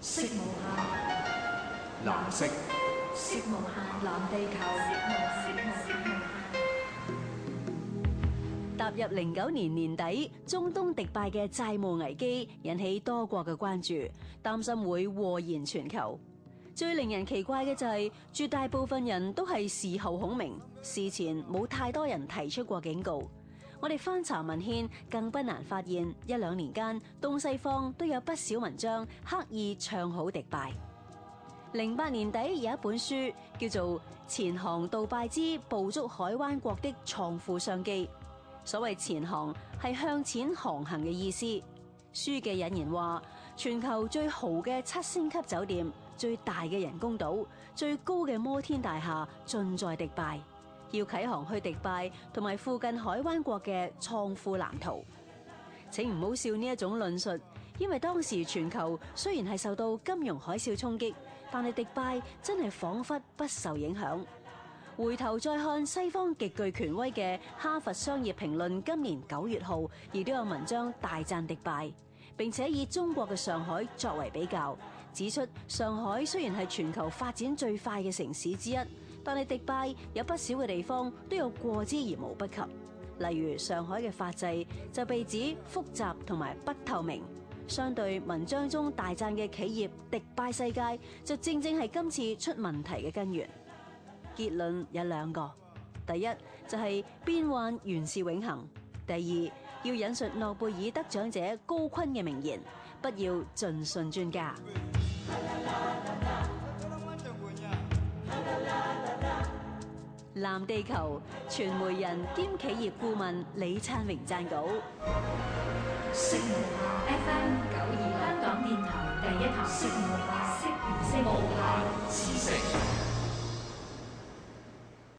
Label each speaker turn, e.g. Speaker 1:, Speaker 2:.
Speaker 1: 色無限藍色，色無限藍地球。踏入零九年年底，中東迪拜嘅債務危機引起多國嘅關注，擔心會禍延全球。最令人奇怪嘅就係、是，絕大部分人都係事後孔明，事前冇太多人提出過警告。我哋翻查文獻，更不難發現一兩年間，東西方都有不少文章刻意唱好迪拜。零八年底有一本書叫做《前航杜拜之捕捉海灣國的創富商機》，所謂前航係向前航行嘅意思。書嘅引言話：全球最豪嘅七星級酒店、最大嘅人工島、最高嘅摩天大廈，盡在迪拜。要啟航去迪拜同埋附近海灣國嘅創富藍圖。請唔好笑呢一種論述，因為當時全球雖然係受到金融海嘯衝擊，但係迪拜真係仿佛不受影響。回頭再看西方極具權威嘅《哈佛商業評論》，今年九月號亦都有文章大讚迪拜。並且以中國嘅上海作為比較，指出上海雖然係全球發展最快嘅城市之一，但係迪拜有不少嘅地方都有過之而無不及。例如上海嘅法制就被指複雜同埋不透明，相對文章中大讚嘅企業迪拜世界，就正正係今次出問題嘅根源。結論有兩個，第一就係變幻原是永恒，第二。要引述諾貝爾得獎者高坤嘅名言：不要盡信專家。藍地球，傳媒人兼企業顧問李燦榮撰稿。FM 九二，香港電台第一台。